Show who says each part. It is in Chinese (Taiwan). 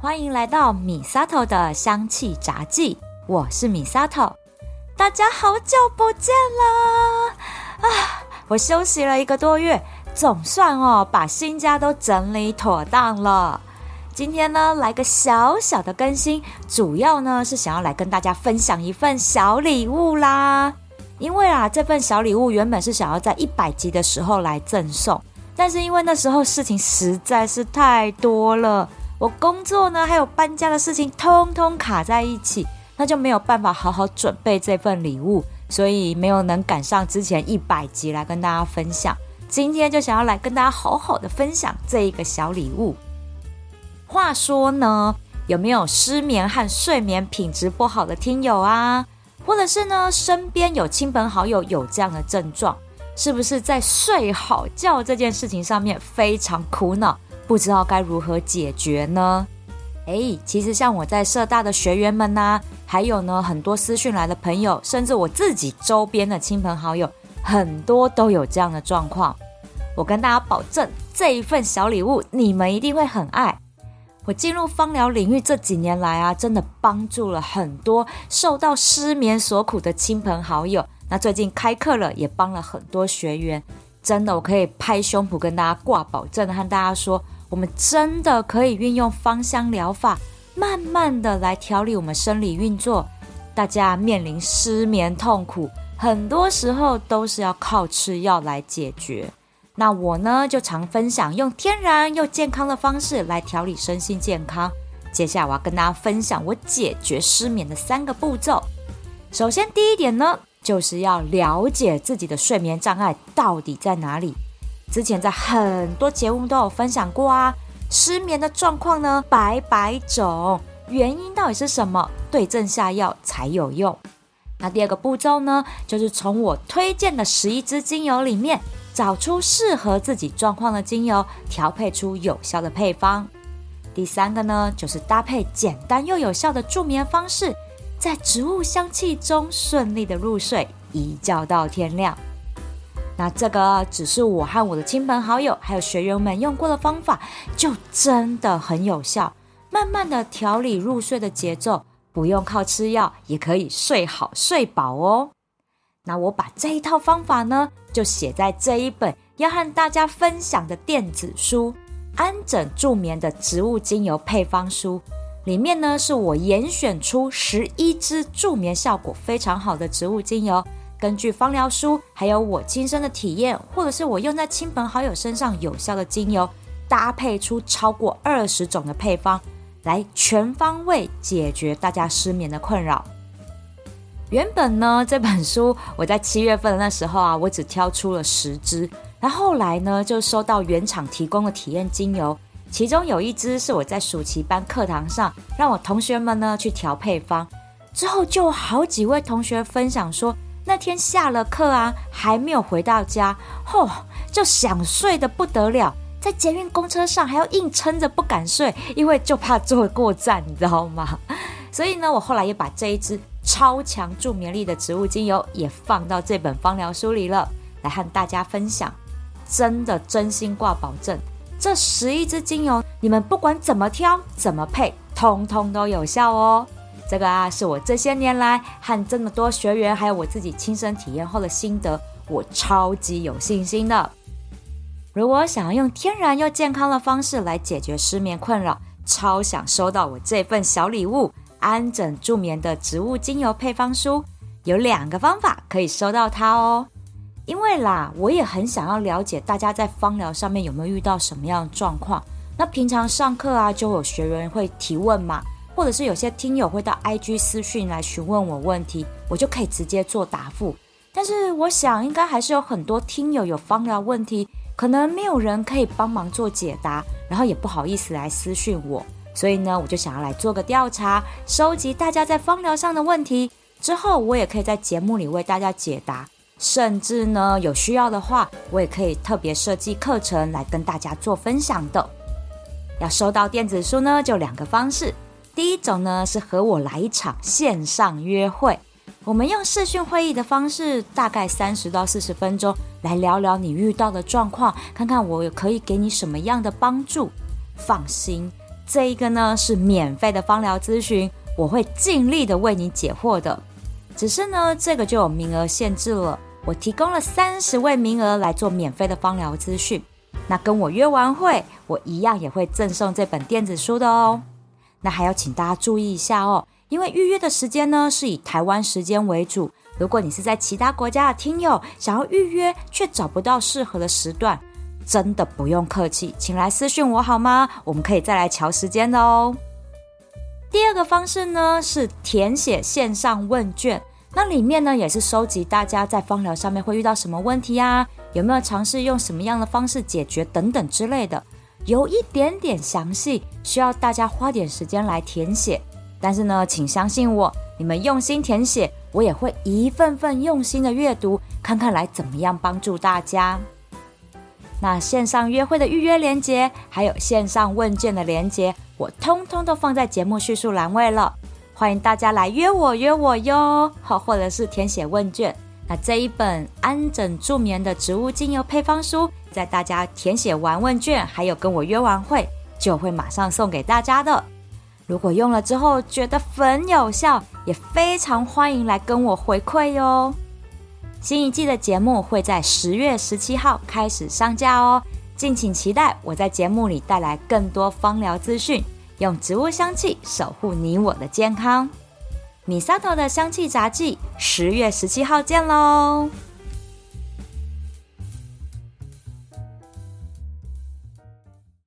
Speaker 1: 歡迎來到 Misato 的香氣雜記，我是 Misato，大家好久不見啦！啊，我休息了一個多月，總算哦把新家都整理妥當了。今天呢，來個小小的更新，主要呢是想要來跟大家分享一份小禮物啦。因為啊，這份小禮物原本是想要在一百集的時候來贈送，但是因為那時候事情實在是太多了。我工作呢，還有搬家的事情，通通卡在一起，那就沒有辦法好好準備這份禮物，所以沒有能趕上之前一百集來跟大家分享。今天就想要來跟大家好好的分享這一個小禮物。話說呢，有沒有失眠和睡眠品質不好的聽友啊？或者是呢，身邊有親朋好友有這樣的症狀，是不是在睡好覺這件事情上面非常苦惱？不知道該如何解決呢？誒，其實像我在社大的學員們吶、啊，還有呢，很多私訊來的朋友，甚至我自己周邊的親朋好友，很多都有這樣的狀況。我跟大家保證，這一份小禮物你們一定會很愛。我進入芳療領域這幾年來啊，真的幫助了很多受到失眠所苦的親朋好友。那最近開課了，也幫了很多學員。真的，我可以拍胸脯跟大家掛保證，和大家說。我們真的可以運用芳香療法，慢慢的來調理我們生理運作。大家面臨失眠痛苦，很多時候都是要靠吃藥來解決。那我呢，就常分享用天然又健康的方式來調理身心健康。接下來我要跟大家分享我解決失眠的三個步驟。首先，第一點呢，就是要了解自己的睡眠障礙到底在哪裡。之前在很多節目都有分享過啊，失眠的狀況呢，百百種原因到底是什麼？對症下藥才有用。那第二個步驟呢，就是從我推薦的十一支精油裡面找出適合自己狀況的精油，調配出有效的配方。第三個呢，就是搭配簡單又有效的助眠方式，在植物香氣中順利的入睡，一覺到天亮。那這個只是我和我的親朋好友，還有學員們用過的方法，就真的很有效。慢慢的調理入睡的節奏，不用靠吃藥，也可以睡好睡飽哦。那我把這一套方法呢，就寫在這一本要和大家分享的電子書《安枕助眠的植物精油配方書》裡面呢，是我嚴選出十一支助眠效果非常好的植物精油。根據芳療書，還有我親身的體驗，或者是我用在親朋好友身上有效的精油，搭配出超過二十種的配方，來全方位解決大家失眠的困擾。原本呢，這本書我在七月份的那時候啊，我只挑出了十支，那後來呢，就收到原廠提供的體驗精油，其中有一支是我在暑期班課堂上讓我同學們呢去調配方，之後就好幾位同學分享說。那天下了課啊，還沒有回到家，吼、哦、就想睡得不得了，在捷運公車上還要硬撐着不敢睡，因為就怕坐過站，你知道嗎？所以呢，我後來也把這一支超強助眠力的植物精油也放到這本芳療書裡了，來和大家分享，真的真心掛保證，這十一支精油你們不管怎麼挑怎麼配，通通都有效哦。這個啊，是我這些年來和這麼多學員，還有我自己親身體驗後的心得，我超級有信心的。如果想要用天然又健康的方式來解決失眠困擾，超想收到我這份小禮物——安枕助眠的植物精油配方書。有兩個方法可以收到它哦。因為啦，我也很想要了解大家在芳療上面有沒有遇到什麼樣的狀況。那平常上課啊，就有學員會提問嘛。或者是有些聽友會到 IG 私訊來詢問我問題，我就可以直接做答覆。但是我想應該還是有很多聽友有芳療問題，可能沒有人可以幫忙做解答，然後也不好意思來私訊我，所以呢，我就想要來做個調查，收集大家在芳療上的問題，之後我也可以在節目裡為大家解答，甚至呢有需要的話，我也可以特別設計課程來跟大家做分享的。要收到電子書呢，就兩個方式。第一種呢是和我來一場線上約會，我們用視訊會議的方式，大概三十到四十分鐘來聊聊你遇到的狀況，看看我可以給你什麼樣的幫助。放心，這一個呢是免費的芳療諮詢，我會盡力的為你解惑的。只是呢，這個就有名額限制了，我提供了三十位名額來做免費的芳療諮詢。那跟我約完會，我一樣也會贈送這本電子書的哦。那還要請大家注意一下哦，因為預約的時間呢是以台灣時間為主。如果你是在其他國家的聽友，想要預約卻找不到適合的時段，真的不用客氣，請來私訊我好嗎？我們可以再來調時間的哦。第二個方式呢是填寫線上問卷，那裡面呢也是收集大家在芳療上面會遇到什麼問題啊，有沒有嘗試用什麼樣的方式解決等等之類的。有一點點詳細，需要大家花點時間來填寫。但是呢，請相信我，你們用心填寫，我也會一份份用心的閱讀，看看來怎麼樣幫助大家。那線上約會的預約鏈接，還有線上問卷的鏈接，我通通都放在節目敘述欄位了。歡迎大家來約我約我喲，或或者是填寫問卷。那這一本安枕助眠的植物精油配方書。在大家填寫完問卷，還有跟我約完會，就會馬上送給大家的。如果用了之後覺得很有效，也非常歡迎來跟我回饋喲。新一季的節目會在十月十七號開始上架哦，敬請期待。我在節目裡帶來更多芳療資訊，用植物香氣守護你我的健康。米沙頭的香氣雜記，十月十七號見嘍！